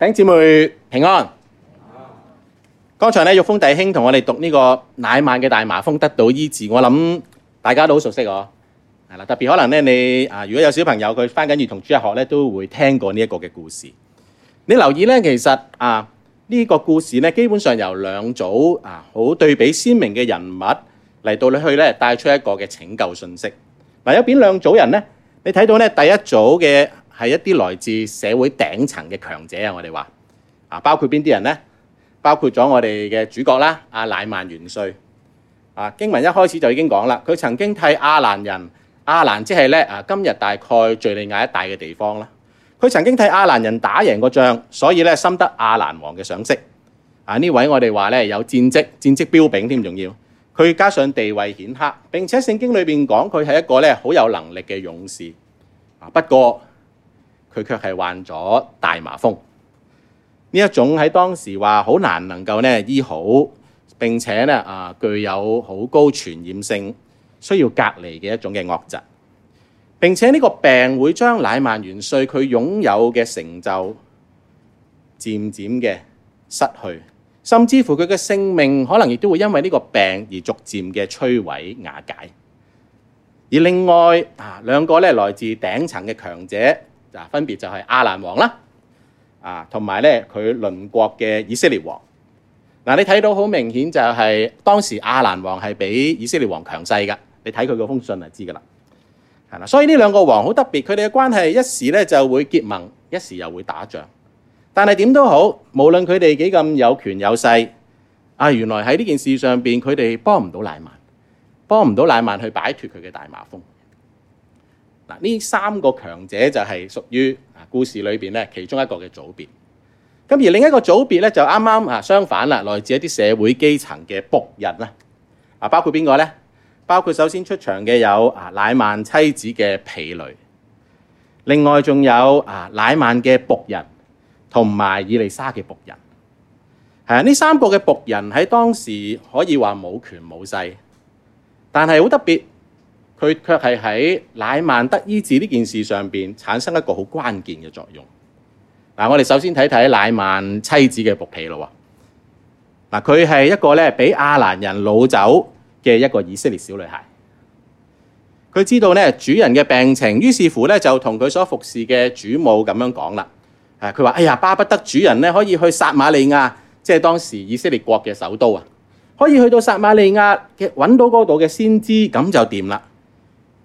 弟兄姊妹平安。剛才咧玉峰弟兄同我哋讀呢個乃縵嘅大麻風得到醫治，我諗大家都好熟悉嗬。係啦，特別可能咧你啊，如果有小朋友佢返緊兒童主日學咧，都會聽過呢一個嘅故事。你留意咧，其實啊呢個故事咧，基本上由兩組啊好對比鮮明嘅人物嚟到你去咧，帶出一個嘅拯救信息。嗱，有邊兩組人咧？你睇到咧第一組嘅。係一啲來自社會頂層嘅強者啊！我哋話啊，包括邊啲人呢？包括咗我哋嘅主角啦，阿、啊、乃曼元帥啊。經文一開始就已經講啦，佢曾經替亞蘭人，亞蘭呢，即係咧啊，今日大概敍利亞一帶嘅地方啦。佢曾經替亞蘭人打贏過仗，所以咧，深得亞蘭王嘅賞識啊。呢位我哋話咧有戰績，戰績彪炳添仲要。佢加上地位顯赫，並且聖經裏邊講佢係一個咧好有能力嘅勇士啊。不過，佢卻係患咗大麻風呢一種喺當時話好難能夠呢醫好，並且呢啊具有好高傳染性，需要隔離嘅一種嘅惡疾。並且呢個病會將乃曼元帥佢擁有嘅成就漸漸嘅失去，甚至乎佢嘅性命可能亦都會因為呢個病而逐漸嘅摧毀瓦解。而另外啊兩個呢來自頂層嘅強者。嗱，分別就係阿蘭王啦，啊，同埋咧佢鄰國嘅以色列王。嗱、啊，你睇到好明顯就係當時亞蘭王係比以色列王強勢嘅，你睇佢個封信就知噶啦，係啦。所以呢兩個王好特別，佢哋嘅關係一時咧就會結盟，一時又會打仗。但係點都好，無論佢哋幾咁有權有勢，啊，原來喺呢件事上邊佢哋幫唔到乃縵，幫唔到乃縵去擺脫佢嘅大痲瘋。呢三個強者就係屬於啊故事裏邊咧其中一個嘅組別，咁而另一個組別咧就啱啱啊相反啦，來自一啲社會基層嘅僕人啦，啊包括邊個咧？包括首先出場嘅有啊乃曼妻子嘅婢女，另外仲有啊乃曼嘅僕人，同埋以利沙嘅僕人，係啊呢三個嘅僕人喺當時可以話冇權冇勢，但係好特別。佢卻係喺乃曼得醫治呢件事上邊產生一個好關鍵嘅作用。嗱，我哋首先睇睇乃曼妻子嘅僕婢咯。嗱，佢係一個咧，俾亞蘭人擄走嘅一個以色列小女孩。佢知道咧主人嘅病情，於是乎咧就同佢所服侍嘅主母咁樣講啦。啊，佢話：哎呀，巴不得主人咧可以去撒瑪利亞，即係當時以色列國嘅首都啊，可以去到撒瑪利亞嘅揾到嗰度嘅先知，咁就掂啦。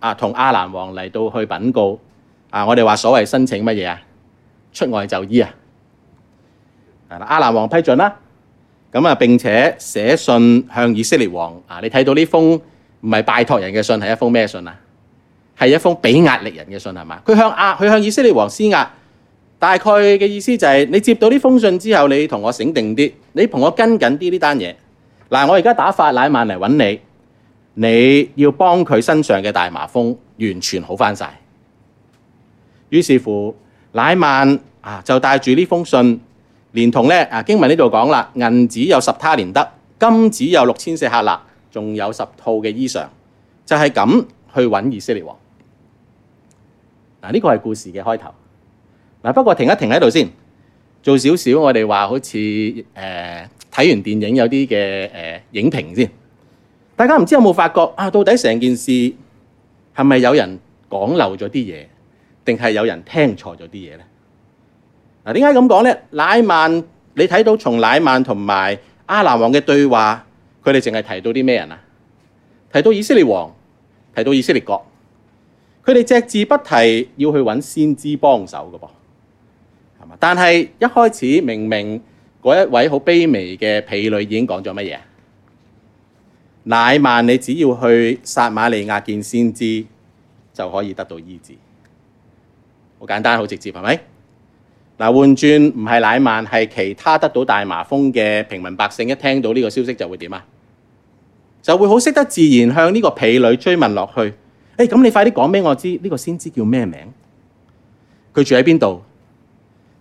啊，同亞蘭王嚟到去禀告，啊，我哋話所謂申請乜嘢啊？出外就醫啊！阿、啊、亞蘭王批准啦，咁啊並且寫信向以色列王啊，你睇到呢封唔係拜託人嘅信，係一封咩信啊？係一封俾壓力人嘅信係嘛？佢向佢、啊、向以色列王施壓，大概嘅意思就係、是、你接到呢封信之後，你同我醒定啲，你同我跟緊啲呢單嘢。嗱、啊，我而家打發乃縵嚟揾你。你要幫佢身上嘅大麻風完全好翻晒。於是乎乃曼啊，就帶住呢封信，連同呢啊，經文呢度講啦，銀子有十他連得，金子有六千四克勒，仲有十套嘅衣裳，就係咁去揾以色列王。嗱，呢個係故事嘅開頭。嗱，不過停一停喺度先，做少少我哋話好似誒睇完電影有啲嘅誒影評先。大家唔知有冇發覺啊？到底成件事係咪有人講漏咗啲嘢，定係有人聽錯咗啲嘢咧？嗱、啊，點解咁講咧？乃曼，你睇到從乃曼同埋阿蘭王嘅對話，佢哋淨係提到啲咩人啊？提到以色列王，提到以色列國，佢哋隻字不提要去揾先知幫手㗎噃，係嘛？但係一開始明明嗰一位好卑微嘅婢女已經講咗乜嘢？乃曼，你只要去撒瑪利亞見先知，就可以得到醫治。好簡單，好直接，係咪？嗱，換轉唔係乃曼，係其他得到大麻風嘅平民百姓，一聽到呢個消息就會點啊？就會好識得自然向呢個婢女追問落去。誒，咁你快啲講畀我知，呢、呢個先知叫咩名？佢住喺邊度？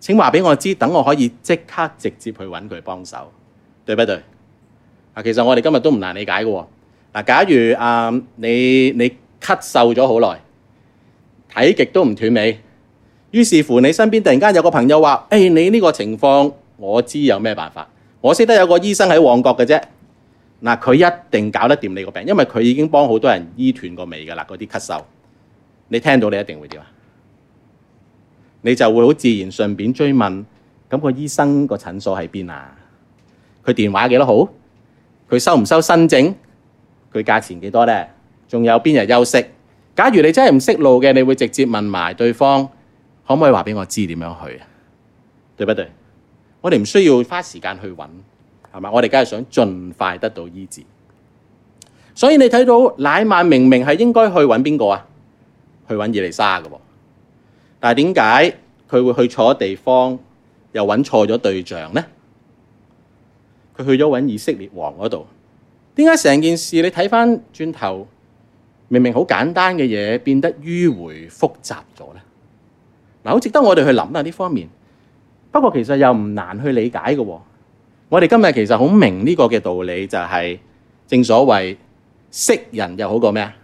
請話畀我知，等我可以即刻直接去揾佢幫手，對不對？其實我哋今日都唔難理解嘅喎。嗱，假如誒、啊、你你咳嗽咗好耐，睇極都唔斷尾，於是乎你身邊突然間有個朋友話，誒、欸、你呢個情況，我知有咩辦法？我識得有個醫生喺旺角嘅啫。嗱、啊，佢一定搞得掂你個病，因為佢已經幫好多人醫斷過尾嘅啦。嗰啲咳嗽，你聽到你一定會點啊？你就會好自然順便追問，咁、個醫生個診所喺邊啊？佢電話幾多號？佢收唔收新證？佢價錢幾多少呢？仲有邊日休息？假如你真係唔識路嘅，你會直接問埋對方，可唔可以話俾我知點樣去啊？對唔對？我哋唔需要花時間去揾，係嘛？我哋緊係想盡快得到醫治。所以你睇到乃曼明明係應該去揾邊個啊？去揾伊利莎嘅噃。但係點解佢會去錯地方，又揾錯咗對象呢？佢去咗搵以色列王嗰度，點解成件事你睇翻轉頭，明明好簡單嘅嘢，變得迂回複雜咗咧？嗱，好值得我哋去諗下呢方面。不過其實又唔難去理解嘅、哦。我哋今日其實好明呢個嘅道理，就係正所謂識人又好過咩啊？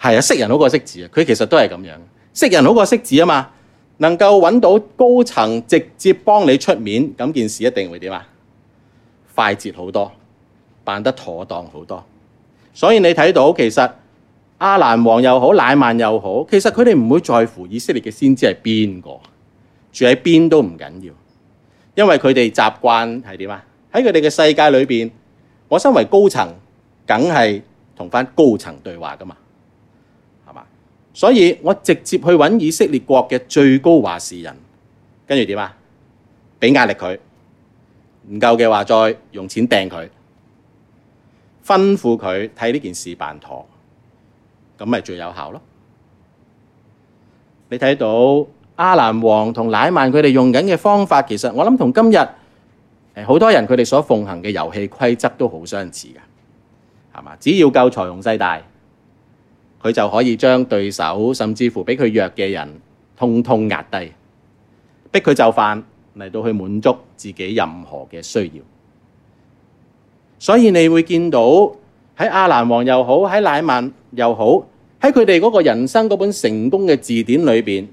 係啊，識人好過識字啊。佢其實都係咁樣，識人好過識字啊嘛。能夠揾到高層直接幫你出面，咁件事一定會點啊？快捷好多，辦得妥當好多，所以你睇到其實亞蘭王又好，乃曼又好，其實佢哋唔會在乎以色列嘅先知係邊個，住喺邊都唔緊要，因為佢哋習慣係點啊？喺佢哋嘅世界裏邊，我身為高層，梗係同返高層對話㗎嘛，係嘛？所以我直接去揾以色列國嘅最高話事人，跟住點啊？俾壓力佢。唔夠嘅話，再用錢掟佢，吩咐佢睇呢件事辦妥，咁咪最有效咯。你睇到阿蘭王同乃曼佢哋用緊嘅方法，其實我諗同今日誒好多人佢哋所奉行嘅遊戲規則都好相似嘅，係嘛？只要夠財雄勢大，佢就可以將對手甚至乎比佢弱嘅人通通壓低，逼佢就範。嚟到去滿足自己任何嘅需要，所以你會見到喺亞蘭王又好，喺乃縵又好，喺佢哋嗰個人生嗰本成功嘅字典裏邊，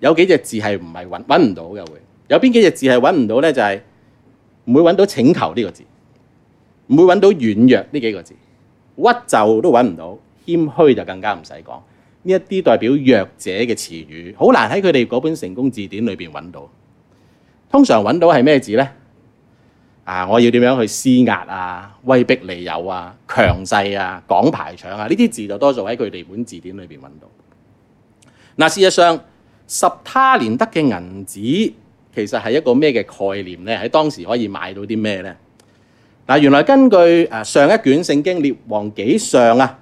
有幾隻字係唔係揾揾唔到嘅？會有邊幾隻字係揾唔到咧？就係唔會揾到請求呢個字，唔會揾到軟弱呢幾個字，屈就都揾唔到，謙虛就更加唔使講，呢一啲代表弱者嘅詞語，好難喺佢哋嗰本成功字典裏邊揾到。通常揾到係咩字咧？啊，我要點樣去施壓啊、威逼利誘啊、強勢啊、講排場啊？呢啲字就多數喺佢地本字典裏邊揾到。嗱，事實上十他連得嘅銀子其實係一個咩嘅概念咧？喺當時可以買到啲咩咧？嗱，原來根據誒上一卷聖經列王紀上啊，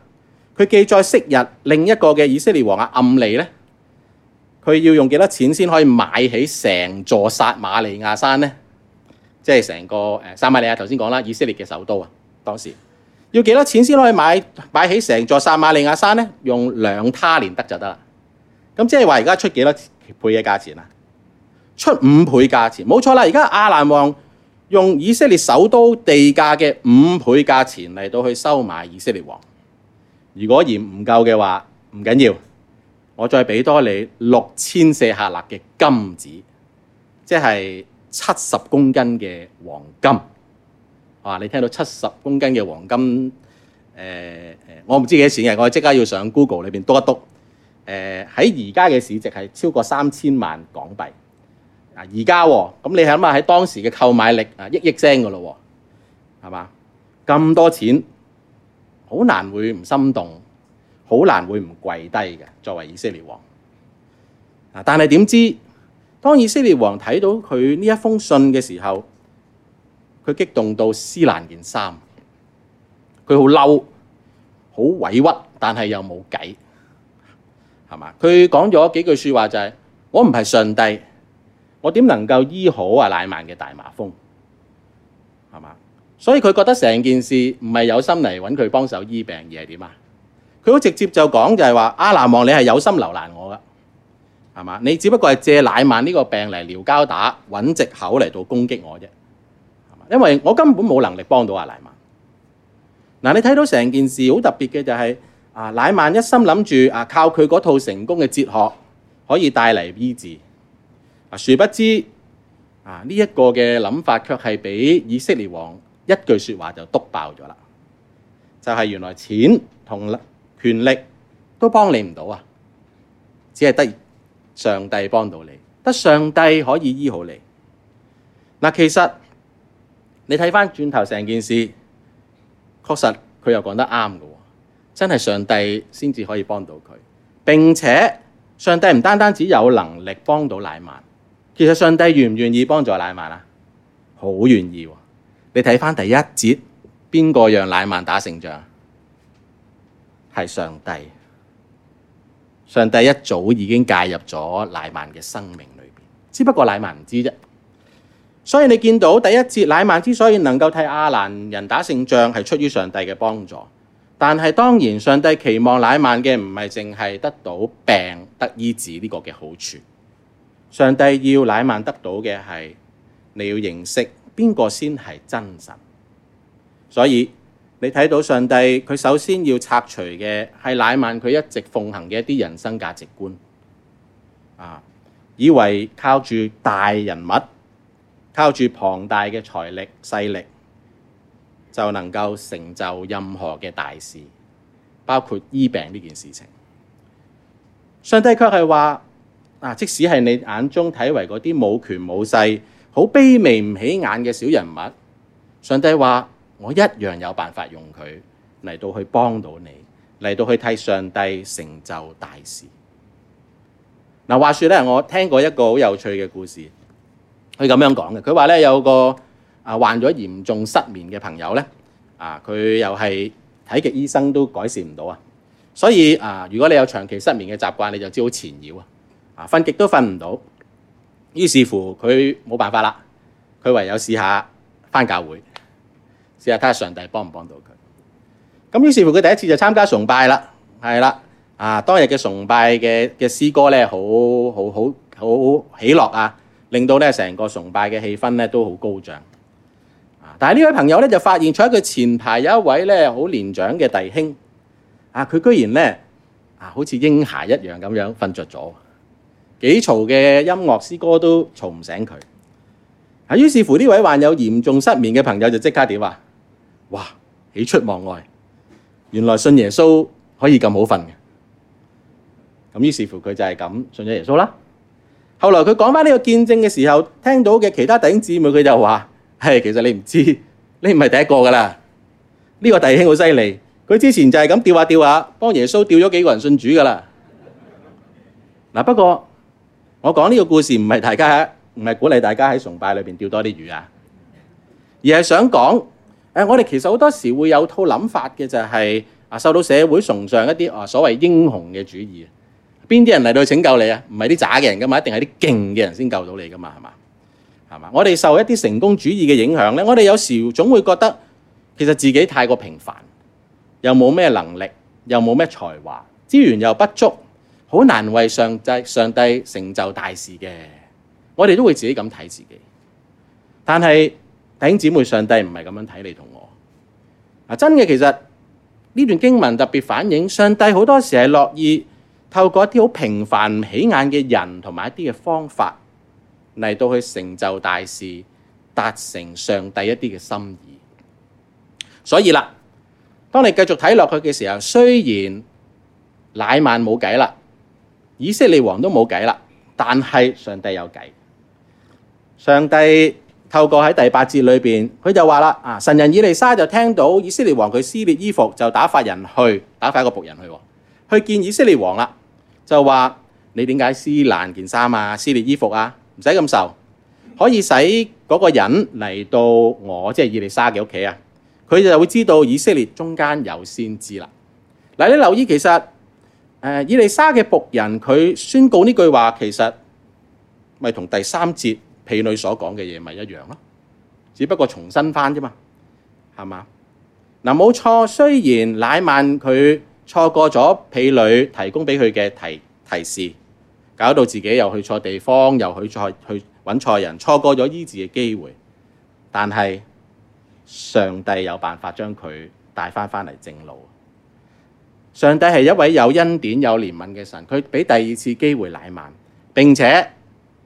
佢記載昔日另一個嘅以色列王阿暗利咧。佢要用幾多錢先可以買起成座撒瑪利亞山呢？即係成個誒撒瑪利亞頭先講啦，以色列嘅首都啊，當時要幾多錢先可以買買起成座撒瑪利亞山呢？用兩他連得就得啦。咁即係話而家出幾多倍嘅價錢啊？出五倍價錢，冇錯啦。而家亞蘭王用以色列首都地價嘅五倍價錢嚟到去收買以色列王。如果嫌唔夠嘅話，唔緊要。我再俾多你六千舍客勒嘅金子，即係七十公斤嘅黃金，啊。你聽到七十公斤嘅黃金？我唔知幾多錢嘅，我即刻要上 Google 裏邊篤一篤。誒、呃，喺而家嘅市值係超過三千萬港幣，啊。啊，而家咁你係諗下喺當時嘅購買力啊，億億聲㗎咯，係嘛？咁多錢，好難會唔心動。好難會唔跪低嘅，作為以色列王啊。但係點知，當以色列王睇到佢呢一封信嘅時候，佢激動到撕爛件衫，佢好嬲，好委屈，但係又冇計係嘛？佢講咗幾句説話就係、是：我唔係上帝，我點能夠醫好阿乃曼嘅大麻風係嘛？所以佢覺得成件事唔係有心嚟揾佢幫手醫病，而係點啊？最好直接就講就係話，阿蘭王你係有心留難我噶，係嘛？你只不過係借乃曼呢個病嚟，撩交打，揾藉口嚟到攻擊我啫，係嘛？因為我根本冇能力幫到阿乃曼。嗱、啊，你睇到成件事好特別嘅就係、是、啊，乃曼一心諗住啊，靠佢嗰套成功嘅哲學可以帶嚟醫治、啊、殊不知啊呢一、這個嘅諗法卻係俾以色列王一句說話就篤爆咗啦，就係、是、原來錢同，權力都幫你唔到啊，只係得上帝幫到你，得上帝可以醫好你。嗱，其實你睇翻轉頭成件事，確實佢又講得啱嘅喎，真係上帝先至可以幫到佢。並且上帝唔單單只有能力幫到乃曼，其實上帝願唔願意幫助乃曼啊？好願意喎！你睇翻第一節，邊個讓乃曼打勝仗？係上帝，上帝一早已經介入咗乃曼嘅生命裏邊，只不過乃曼唔知啫。所以你見到第一節，乃曼之所以能夠替亞蘭人打勝仗，係出於上帝嘅幫助。但係當然，上帝期望乃曼嘅唔係淨係得到病得醫治呢個嘅好處，上帝要乃曼得到嘅係你要認識邊個先係真神。所以。你睇到上帝，佢首先要拆除嘅係乃曼佢一直奉行嘅一啲人生價值觀啊，以為靠住大人物、靠住龐大嘅財力勢力，就能夠成就任何嘅大事，包括醫病呢件事情。上帝卻係話啊，即使係你眼中睇為嗰啲冇權冇勢好卑微唔起眼嘅小人物，上帝話。我一樣有辦法用佢嚟到去幫到你，嚟到去替上帝成就大事。嗱，話説咧，我聽過一個好有趣嘅故事，佢咁樣講嘅。佢話咧，有個啊患咗嚴重失眠嘅朋友咧，啊佢又係睇極醫生都改善唔到啊，所以啊，如果你有長期失眠嘅習慣，你就知好纏繞啊，啊瞓極都瞓唔到。於是乎佢冇辦法啦，佢唯有試下返教會。試下睇下上帝幫唔幫到佢，咁於是乎佢第一次就參加崇拜啦，係啦，啊當日嘅崇拜嘅嘅詩歌咧，好好好好，好喜樂啊，令到咧成個崇拜嘅氣氛咧都好高漲，啊！但係呢位朋友咧就發現，坐喺佢前排有一位咧好年長嘅弟兄，啊，佢居然咧啊，好似嬰孩一樣咁樣瞓着咗，幾嘈嘅音樂詩歌都嘈唔醒佢，啊！於是乎呢位患有嚴重失眠嘅朋友就即刻點啊？哇！喜出望外，原來信耶穌可以咁好瞓嘅。咁於是乎佢就係咁信咗耶穌啦。後來佢講返呢個見證嘅時候，聽到嘅其他弟兄姊妹，佢就話：嘿，其實你唔知，你唔係第一個㗎喇。呢、這個弟兄好犀利，佢之前就係咁釣下釣下，幫耶穌釣咗幾個人信主㗎喇。嗱，不過我講呢個故事唔係大家唔係鼓勵大家喺崇拜裏邊釣多啲魚啊，而係想講。誒，我哋其實好多時會有套諗法嘅，就是，就係啊，受到社會崇尚一啲啊所謂英雄嘅主義，邊啲人嚟到去拯救你啊？唔係啲渣嘅人噶嘛，一定係啲勁嘅人先救到你噶嘛，係嘛？係嘛？我哋受一啲成功主義嘅影響咧，我哋有時總會覺得，其實自己太過平凡，又冇咩能力，又冇咩才華，資源又不足，好難為上帝上帝成就大事嘅。我哋都會自己咁睇自己，但係，弟兄姊妹，上帝唔係咁樣睇你同我。真嘅，其實呢段經文特別反映上帝好多時係樂意透過一啲好平凡、唔起眼嘅人同埋一啲嘅方法嚟到去成就大事，達成上帝一啲嘅心意。所以啦，當你繼續睇落去嘅時候，雖然乃曼冇計啦，以色列王都冇計啦，但係上帝有計，上帝。透過喺第八節裏面，佢就話啦、啊：神人以利沙就聽到以色列王佢撕裂衣服，就打發人去，打發一個僕人去，去見以色列王啦。就話你點解撕爛件衫啊？撕裂衣服啊？唔使咁愁，可以使嗰個人嚟到我即係、就是、以利沙嘅屋企啊。佢就會知道以色列中間有先知啦。嗱，你留意其實、呃、以利沙嘅僕人佢宣告呢句話，其實咪同第三節，婢女所講嘅嘢咪一樣咯，只不過重新翻啫嘛，係嘛？嗱，冇錯，雖然乃曼佢錯過咗婢女提供俾佢嘅提提示，搞到自己又去錯地方，又去錯去揾錯人，錯過咗醫治嘅機會，但係上帝有辦法將佢帶翻翻嚟正路。上帝係一位有恩典、有憐憫嘅神，佢俾第二次機會乃曼，並且。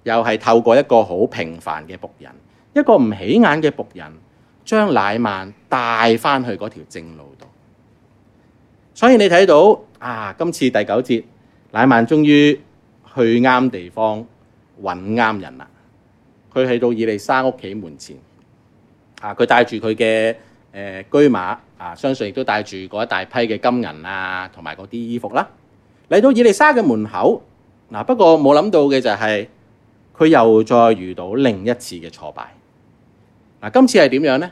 又係透過一個好平凡嘅僕人，一個唔起眼嘅僕人，將乃曼帶返去嗰條正路度。所以你睇到啊，今次第九節，乃曼終於去啱地方揾啱人啦。佢去到以利沙屋企門前啊，佢帶住佢嘅誒車馬啊，相信亦都帶住嗰一大批嘅金銀啊，同埋嗰啲衣服啦。嚟到以利沙嘅門口嗱，不過冇諗到嘅就係。佢又再遇到另一次嘅挫敗。嗱、啊，今次係點樣咧？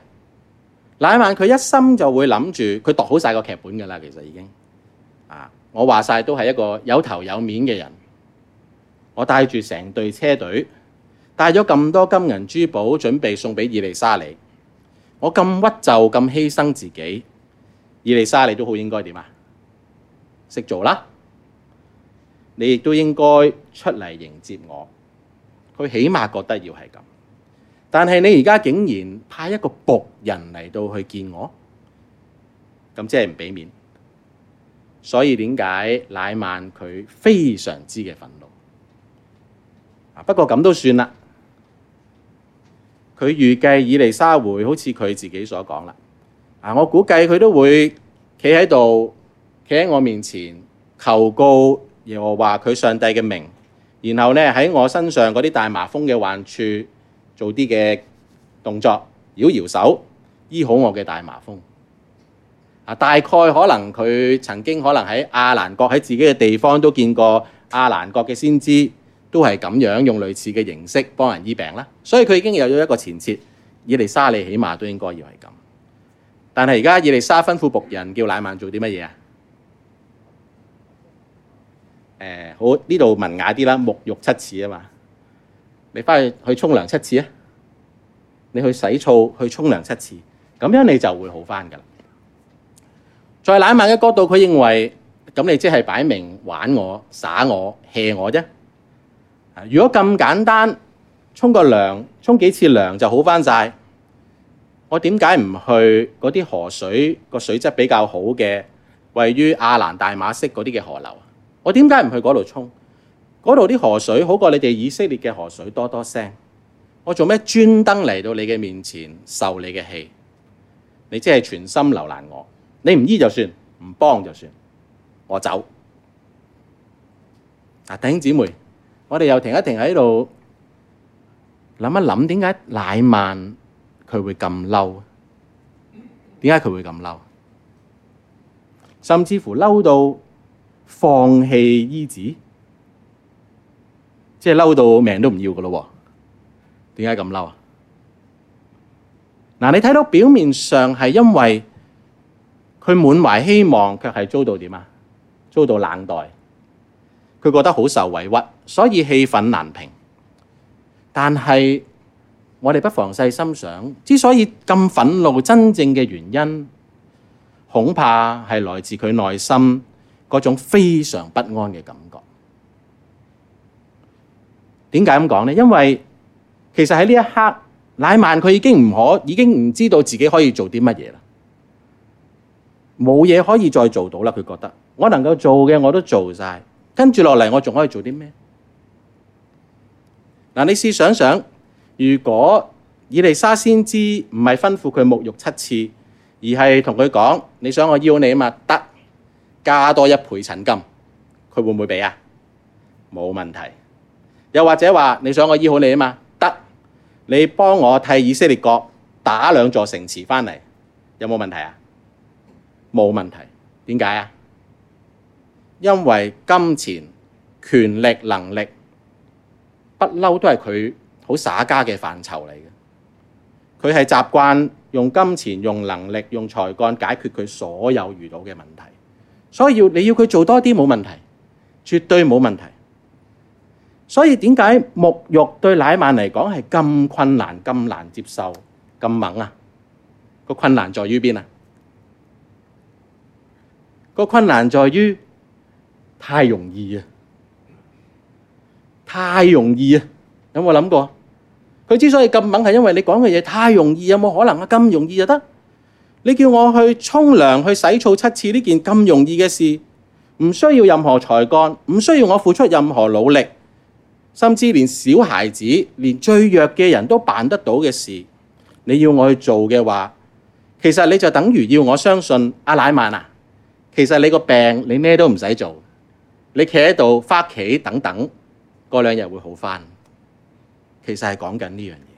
乃縵佢一心就會諗住佢讀好晒個劇本㗎啦，其實已經。啊，我話晒都係一個有頭有面嘅人。我帶住成隊車隊，帶咗咁多金銀珠寶，準備送畀以利沙利。我咁屈就咁犧牲自己，以利沙利，利都好應該點啊？識做啦！你亦都應該出嚟迎接我。佢起碼覺得要係咁，但係你而家竟然派一個僕人嚟到去見我，咁即係唔畀面，所以點解乃曼佢非常之嘅憤怒。不過咁都算啦。佢預計以利沙會好似佢自己所講啦，啊，我估計佢都會企喺度，企喺我面前求告耶和華佢上帝嘅名，然後呢，喺我身上嗰啲大麻風嘅患處做啲嘅動作，搖搖手醫好我嘅大麻風啊，大概可能佢曾經可能喺阿蘭國喺自己嘅地方都見過阿蘭國嘅先知都係咁樣用類似嘅形式幫人醫病啦。所以佢已經有咗一個前設，以利沙你起碼都應該要係咁。但係而家以利沙吩咐僕人叫乃曼做啲乜嘢？誒、嗯、好呢度文雅啲啦，沐浴七次啊嘛，你翻去去沖涼七次啊，你去洗澡去沖涼七次，咁樣你就會好翻㗎啦。再乃縵嘅角度，佢認為咁你即係擺明玩我、耍我、hea 我啫。如果咁簡單，沖個涼，沖幾次涼就好翻晒。我點解唔去嗰啲河水個水質比較好嘅，位於亞蘭大馬色嗰啲嘅河流啊？我點解唔去嗰度沖？嗰度啲河水好過你哋以色列嘅河水多多聲。我做咩專登嚟到你嘅面前受你嘅氣？你即係全心留難我，你唔醫就算，唔幫就算，我走。啊，弟兄姊妹，我哋又停一停喺度諗一諗，點解乃縵佢會咁嬲？點解佢會咁嬲？甚至乎嬲到～放棄醫治，即係嬲到命都唔要嘅咯喎！點解咁嬲啊？嗱，你睇到表面上係因為佢滿懷希望，卻係遭到點啊？遭到冷待，佢覺得好受委屈，所以氣憤難平。但係我哋不妨細心想，之所以咁憤怒，真正嘅原因恐怕係來自佢內心。嗰種非常不安嘅感覺，點解咁講呢？因為其實喺呢一刻，乃曼佢已經唔可，已經唔知道自己可以做啲乜嘢啦，冇嘢可以再做到啦。佢覺得我能夠做嘅我都做晒，跟住落嚟我仲可以做啲咩？嗱，你試想想，如果以利沙先知唔係吩咐佢沐浴七次，而係同佢講：你想我要你啊嘛，得。加多一倍診金，佢會唔會畀啊？冇問題。又或者話你想我醫好你吖嘛？得，你幫我替以色列國打兩座城池返嚟，有冇問題啊？冇問題。點解啊？因為金錢、權力、能力，不嬲都係佢好耍家嘅範疇嚟嘅。佢係習慣用金錢、用能力、用才幹解決佢所有遇到嘅問題。所以要你要佢做多啲冇問題，絕對冇問題。所以點解沐浴對乃曼嚟講係咁困難、咁難接受、咁猛啊？個困難在於邊啊？個困難在於太容易啊！太容易啊！有冇諗過？佢之所以咁猛，係因為你講嘅嘢太容易，有冇可能啊？咁容易就得？你叫我去沖涼、去洗澡七次呢件咁容易嘅事，唔需要任何才幹，唔需要我付出任何努力，甚至連小孩子、連最弱嘅人都辦得到嘅事，你要我去做嘅話，其實你就等於要我相信阿乃曼啊。其實你個病你咩都唔使做，你企喺度返屋企等等，過兩日會好返。其實係講緊呢樣嘢。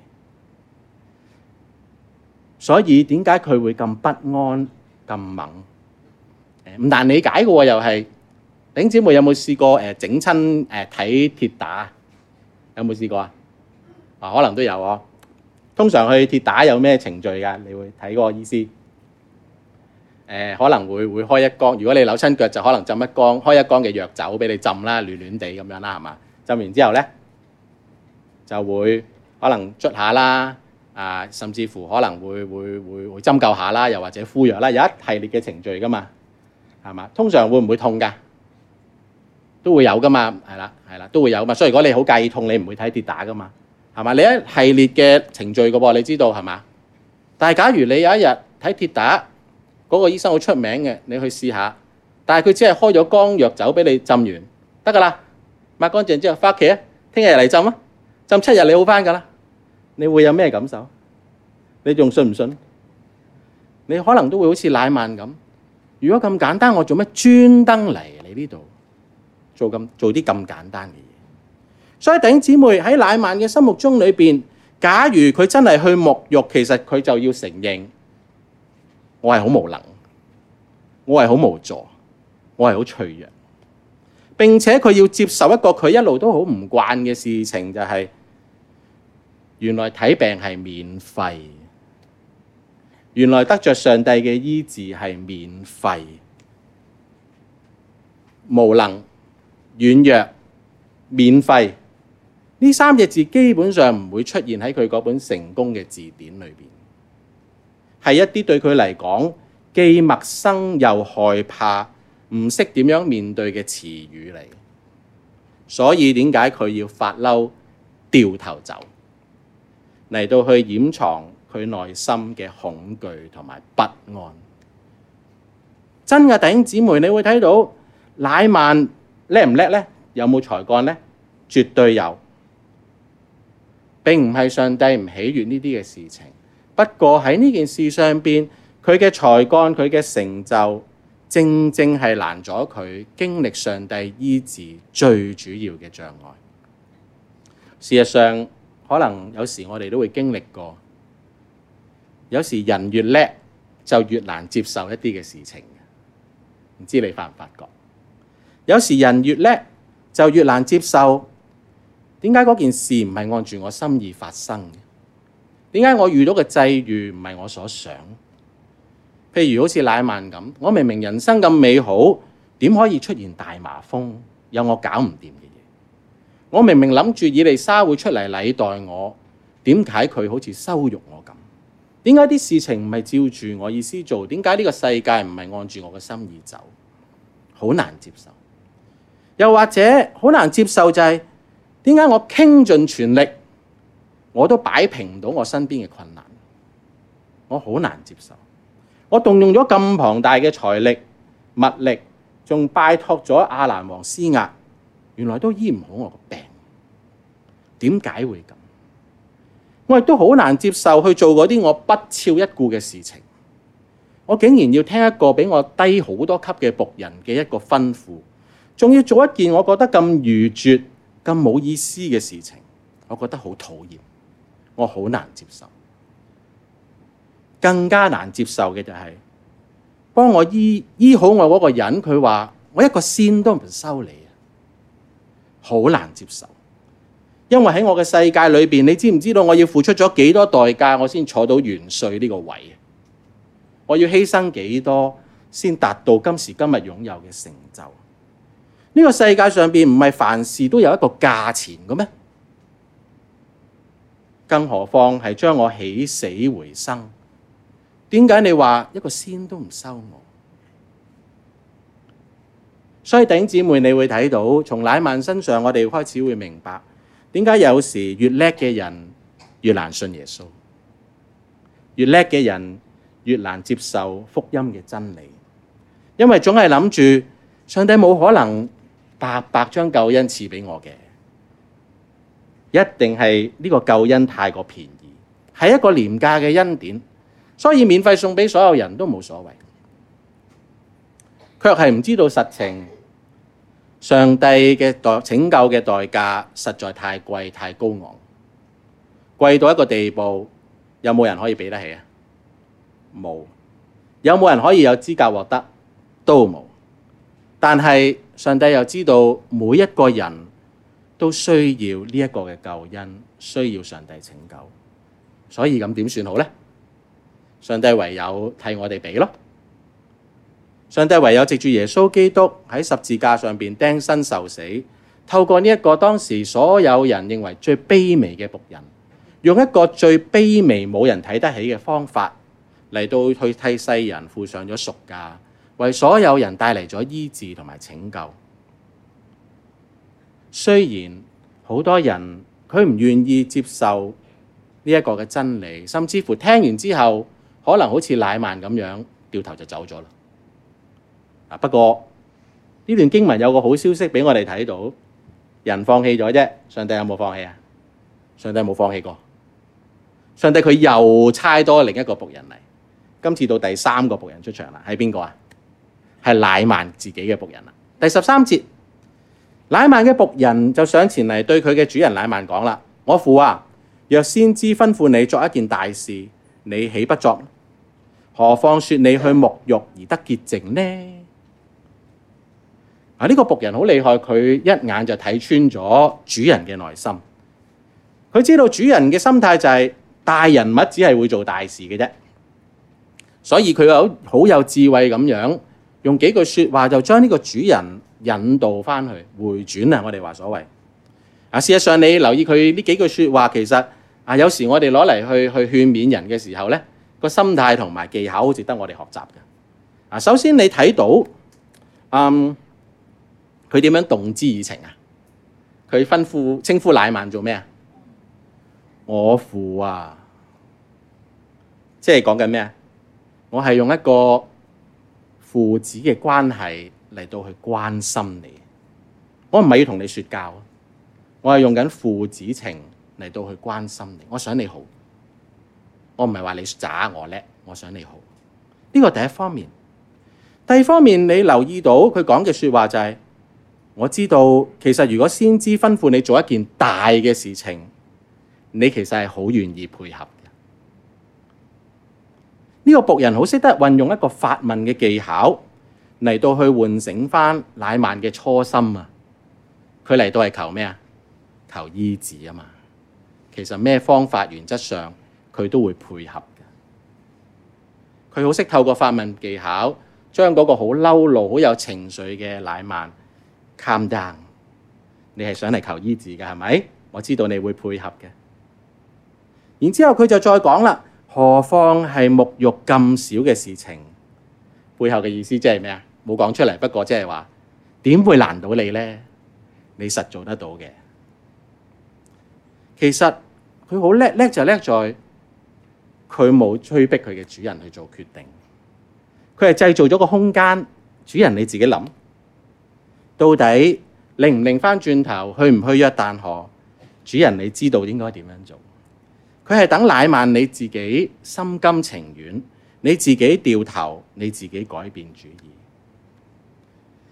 所以點解佢會咁不安咁猛？誒，唔難理解嘅喎，又係頂姊妹，有冇試過誒整親，誒睇鐵打？有冇試過啊？嗱，可能都有哦。通常去鐵打有咩程序㗎？你會睇嗰個醫師誒，可能會會開一缸。如果你扭親腳，就可能浸一缸，開一缸嘅藥酒俾你浸啦，暖暖地咁樣啦，係嘛？浸完之後咧就會可能捽下啦。啊，甚至乎可能會會會會針灸下啦，又或者敷藥啦，有一系列嘅程序噶嘛，係嘛？通常會唔會痛噶？都會有噶嘛，係啦係啦都會有嘛。所以如果你好介意痛，你唔會睇跌打噶嘛，係嘛？你一系列嘅程序噶喎，你知道係嘛？但係假如你有一日睇跌打嗰個醫生好出名嘅，你去試下，但係佢只係開咗光藥酒俾你浸完得噶啦，抹乾淨之後翻屋企啊，聽日嚟浸啊，浸七日你好翻噶啦。你會有咩感受？你仲信唔信？你可能都會好似乃縵咁。如果咁簡單，我做咩專登嚟，你呢度做咁做啲咁簡單嘅嘢？所以頂姊妹喺乃縵嘅心目中裏邊，假如佢真係去沐浴，其實佢就要承認我係好無能，我係好無助，我係好脆弱，並且佢要接受一個佢一路都好唔慣嘅事情，就係、是。原來睇病係免費，原來得着上帝嘅醫治係免費，無能、軟弱、免費呢三隻字基本上唔會出現喺佢嗰本成功嘅字典裏邊，係一啲對佢嚟講既陌生又害怕、唔識點樣面對嘅詞語嚟。所以點解佢要發嬲、掉頭走？嚟到去掩藏佢內心嘅恐懼同埋不安。真嘅弟兄姊妹，你會睇到乃曼叻唔叻咧？有冇才幹咧？絕對有。並唔係上帝唔喜悅呢啲嘅事情。不過喺呢件事上邊，佢嘅才幹佢嘅成就，正正係攔阻佢經歷上帝醫治最主要嘅障礙。事實上。可能有時我哋都會經歷過，有時人越叻就越難接受一啲嘅事情。唔知你發唔發覺，有時人越叻就越難接受。點解嗰件事唔係按住我心意發生嘅？點解我遇到嘅際遇唔係我所想？譬如好似乃縵咁，我明明人生咁美好，點可以出現大麻風有我搞唔掂？我明明諗住以利沙會出嚟禮待我，點解佢好似羞辱我咁？點解啲事情唔係照住我意思做？點解呢個世界唔係按住我嘅心意走？好難接受。又或者好難接受就係，點解我傾盡全力，我都擺平唔到我身邊嘅困難？我好難接受。我動用咗咁龐大嘅財力、物力，仲拜託咗亞蘭王施壓。原來都醫唔好我個病，點解會咁？我亦都好難接受去做嗰啲我不屑一顧嘅事情。我竟然要聽一個比我低好多級嘅僕人嘅一個吩咐，仲要做一件我覺得咁愚拙、咁冇意思嘅事情。我覺得好討厭，我好難接受。更加難接受嘅就係、是、幫我醫醫好我嗰個人，佢話我一個仙都唔收你。好難接受，因為喺我嘅世界裏邊，你知唔知道我要付出咗幾多代價，我先坐到元帥呢個位？我要犧牲幾多先達到今時今日擁有嘅成就？呢個世界上邊唔係凡事都有一個價錢嘅咩？更何況係將我起死回生？點解你話一個仙都唔收我？所以頂姐妹，你會睇到從乃曼身上，我哋開始會明白點解有時越叻嘅人越難信耶穌，越叻嘅人越難接受福音嘅真理，因為總係諗住上帝冇可能白白將救恩賜俾我嘅，一定係呢個救恩太過便宜，係一個廉價嘅恩典，所以免費送俾所有人都冇所謂。卻係唔知道實情，上帝嘅代拯救嘅代價實在太貴太高昂，貴到一個地步，有冇人可以俾得起啊？冇，有冇人可以有資格獲得？都冇。但係上帝又知道每一個人都需要呢一個嘅救恩，需要上帝拯救，所以咁點算好呢？上帝唯有替我哋俾咯。上帝唯有藉住耶穌基督喺十字架上面釘身受死，透過呢一個當時所有人認為最卑微嘅僕人，用一個最卑微冇人睇得起嘅方法嚟到去替世人付上咗贖價，為所有人帶嚟咗醫治同埋拯救。雖然好多人佢唔願意接受呢一個嘅真理，甚至乎聽完之後可能好似乃縵咁樣掉頭就走咗啦。不過呢段經文有個好消息俾我哋睇到，人放棄咗啫。上帝有冇放棄啊？上帝冇放棄過。上帝佢又差多另一個僕人嚟，今次到第三個僕人出場啦。係邊個啊？係乃曼自己嘅僕人啦。第十三節，乃曼嘅僕人就上前嚟對佢嘅主人乃曼講啦：「我父啊，若先知吩咐你作一件大事，你豈不作，何況說你去沐浴而得潔淨呢？嗱，呢個僕人好厲害，佢一眼就睇穿咗主人嘅內心。佢知道主人嘅心態就係大人物只係會做大事嘅啫，所以佢又好有智慧咁樣用幾句説話就將呢個主人引導返去回轉啊！我哋話所謂啊，事實上你留意佢呢幾句説話，其實啊，有時我哋攞嚟去去勸勉人嘅時候，呢個心態同埋技巧好值得我哋學習嘅。啊，首先你睇到嗯。佢點樣動之以情啊？佢吩咐稱呼乃曼做咩啊？我父啊，即係講緊咩啊？我係用一個父子嘅關係嚟到去關心你。我唔係要同你説教，我係用緊父子情嚟到去關心你。我想你好，我唔係話你渣，我叻，我想你好。呢個第一方面，第二方面，你留意到佢講嘅説話就係、是。我知道，其實如果先知吩咐你做一件大嘅事情，你其實係好願意配合嘅。呢、這個僕人好識得運用一個發問嘅技巧嚟到去喚醒翻乃縵嘅初心啊！佢嚟到係求咩啊？求醫治啊嘛。其實咩方法原則上佢都會配合嘅。佢好識透過發問技巧，將嗰個好嬲怒、好有情緒嘅乃縵。Down, 你係想嚟求醫治嘅係咪？我知道你會配合嘅。然之後佢就再講啦，何況係沐浴咁少嘅事情，背後嘅意思即係咩啊？冇講出嚟，不過即係話點會難到你呢？你實做得到嘅。其實佢好叻，叻就叻在佢冇催逼佢嘅主人去做決定，佢係製造咗個空間，主人你自己諗。到底擰唔擰返轉頭去唔去約旦河？主人，你知道應該點樣做。佢係等乃縵你自己心甘情願，你自己掉頭，你自己改變主意。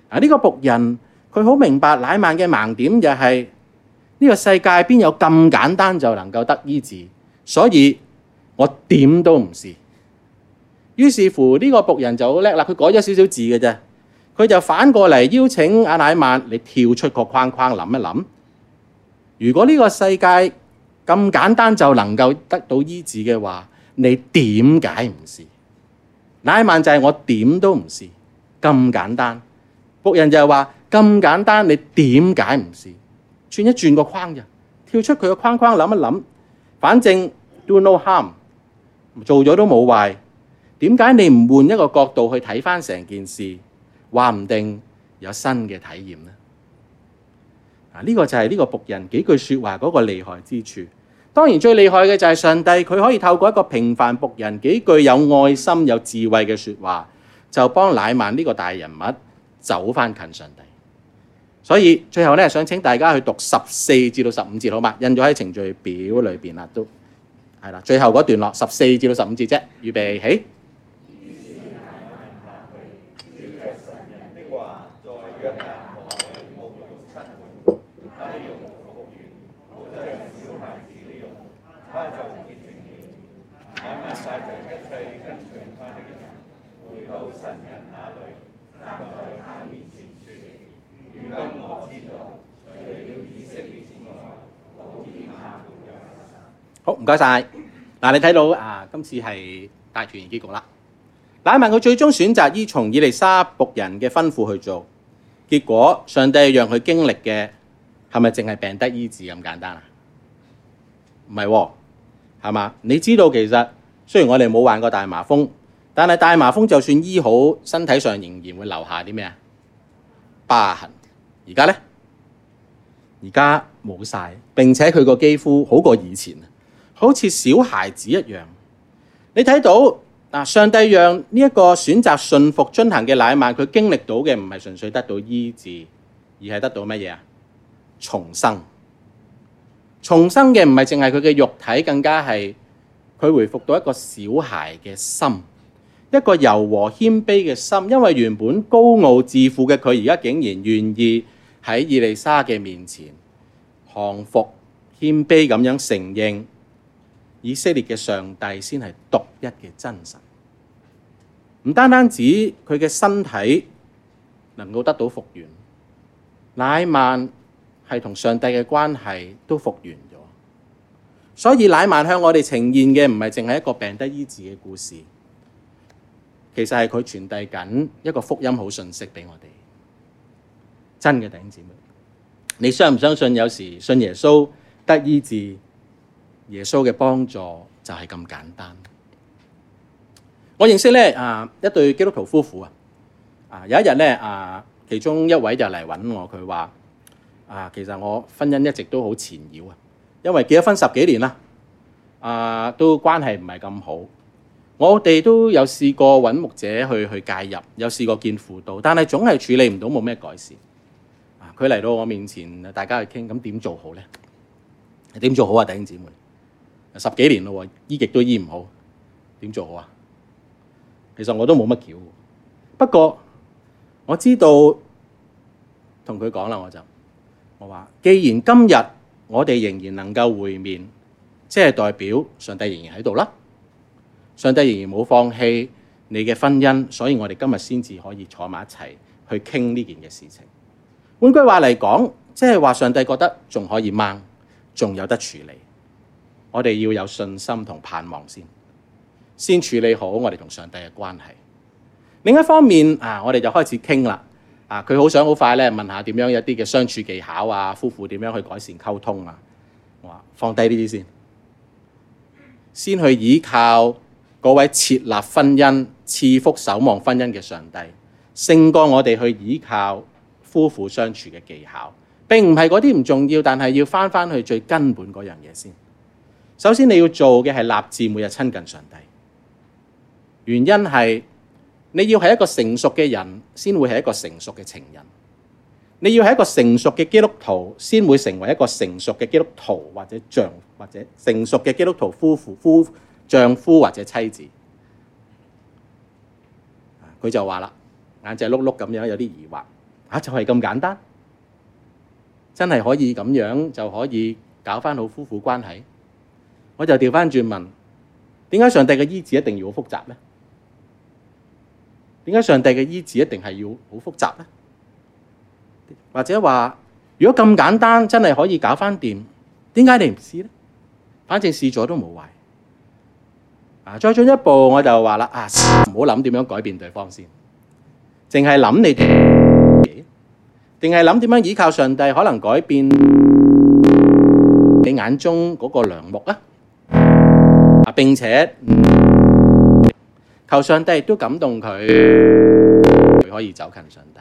啊！呢個僕人佢好明白乃縵嘅盲點，就係呢個世界邊有咁簡單就能夠得醫治，所以我點都唔試。於是乎，呢個僕人就好叻啦，佢改咗少少字嘅啫。佢就反過嚟邀請阿乃曼，你跳出個框框諗一諗。如果呢個世界咁簡單就能夠得到醫治嘅話，你點解唔試？乃曼就係我點都唔試咁簡單。僕人就係話咁簡單，你點解唔試？轉一轉個框啫，跳出佢個框框諗一諗。反正 do no harm，做咗都冇壞，點解你唔換一個角度去睇返成件事？話唔定有新嘅體驗呢。呢、啊呢個就係呢個僕人幾句說話嗰個厲害之處。當然最厲害嘅就係上帝，佢可以透過一個平凡僕人幾句有愛心、有智慧嘅說話，就幫乃曼呢個大人物走翻，近上帝。所以最後咧，想請大家去讀十四至到十五字，好嗎？印咗喺程序表裏邊啦，都係啦。最後嗰段落十四至到十五字啫，預備起。好，唔該晒嗱，你睇到啊，今次係大團圓結局啦。乃縵佢最終選擇依從以利沙僕人嘅吩咐去做，結果上帝讓佢經歷嘅係咪淨係病得醫治咁簡單啊？唔係係嘛？你知道其實。雖然我哋冇患過大麻風，但係大麻風就算醫好，身體上仍然會留下啲咩？疤痕。而家咧，而家冇晒，並且佢個肌膚好過以前，好似小孩子一樣。你睇到，上帝讓呢一個選擇信服的、遵行嘅乃曼，佢經歷到嘅唔係純粹得到醫治，而係得到乜嘢？重生。重生嘅唔係淨係佢嘅肉體，更加係。佢回復到一個小孩嘅心，一個柔和謙卑嘅心，因為原本高傲自負嘅佢，而家竟然願意喺以利沙嘅面前降服謙卑，咁樣承認以色列嘅上帝先係獨一嘅真神。唔單單指佢嘅身體能夠得到復原，乃曼係同上帝嘅關係都復原。所以乃曼向我哋呈現嘅唔係淨係一個病得醫治嘅故事，其實係佢傳遞緊一個福音好信息俾我哋。真嘅弟兄姐妹，你相唔相信有時信耶穌得醫治，耶穌嘅幫助就係咁簡單？我認識咧一對基督徒夫婦啊，有一日咧其中一位就嚟揾我，佢話，其實我婚姻一直都好纏繞啊。因為結咗婚十幾年啦，啊，都關係唔係咁好。我哋都有試過揾牧者去去介入，有試過見輔導，但係總係處理唔到，冇咩改善。啊，佢嚟到我面前，大家去傾，咁點做好咧？點做好啊，弟兄姊妹？十幾年咯喎，醫極都醫唔好，點做好啊？其實我都冇乜橋。不過我知道同佢講啦，我就我話，既然今日。我哋仍然能夠會面，即係代表上帝仍然喺度啦。上帝仍然冇放棄你嘅婚姻，所以我哋今日先至可以坐埋一齊去傾呢件嘅事情。換句話嚟講，即係話上帝覺得仲可以掹，仲有得處理。我哋要有信心同盼望先，先處理好我哋同上帝嘅關係。另一方面啊，我哋就開始傾啦。啊！佢好想好快咧，問下點樣一啲嘅相處技巧啊，夫婦點樣去改善溝通啊？我話放低呢啲先，先去依靠嗰位設立婚姻、賜福守望婚姻嘅上帝，勝過我哋去依靠夫婦相處嘅技巧。並唔係嗰啲唔重要，但係要返返去最根本嗰樣嘢先。首先你要做嘅係立志每日親近上帝，原因係。你要係一個成熟嘅人，先會係一個成熟嘅情人；你要係一個成熟嘅基督徒，先會成為一個成熟嘅基督徒，或者丈夫，或者成熟嘅基督徒夫婦夫丈夫或者妻子。佢就話啦，眼仔碌碌咁樣，有啲疑惑，吓，啊，就係咁簡單，真係可以咁樣就可以搞翻好夫婦關係。我就調翻轉問，點解上帝嘅醫治一定要好複雜呢？點解上帝嘅醫治一定係要好複雜咧？或者話，如果咁簡單真係可以搞翻掂，點解你唔試咧？反正試咗都冇壞。啊，再進一步我就話啦，啊，唔好諗點樣改變對方先，淨係諗你哋自己，淨係諗點樣倚靠上帝，可能改變你眼中嗰個樑木啊，並且。求上帝都感動佢，佢可以走近上帝，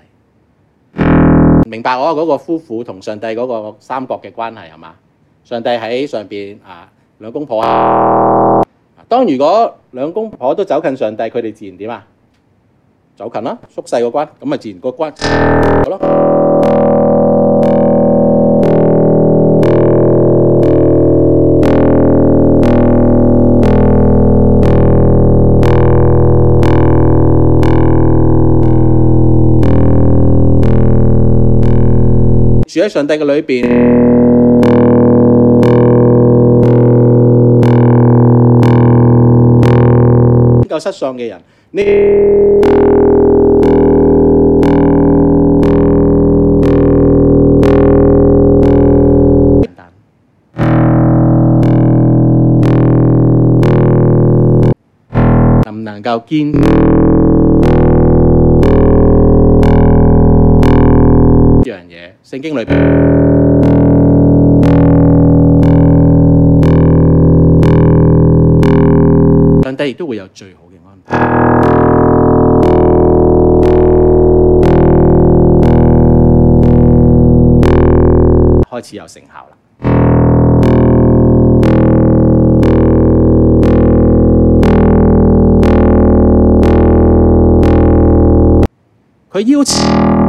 明白我嗰個夫婦同上帝嗰個三角嘅關係係嘛？上帝喺上邊啊，兩公婆啊，當如果兩公婆都走近上帝，佢哋自然點啊？走近啦，縮細個關，咁咪自然個關好咯。住喺上帝嘅裏邊，夠失喪嘅人，你能唔能夠見呢樣嘢？聖經裏邊，上帝亦都會有最好嘅安排。開始有成效啦，佢邀請。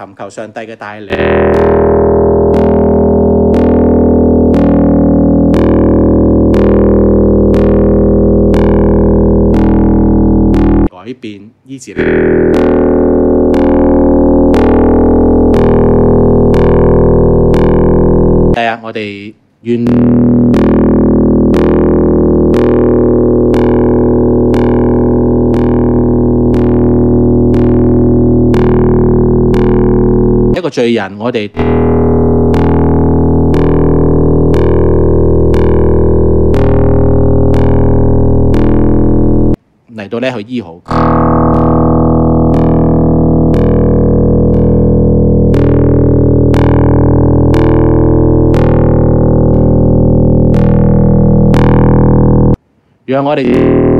尋求上帝嘅帶領，改變醫治。係啊，我哋罪人，我哋嚟到呢去醫好， 讓我哋。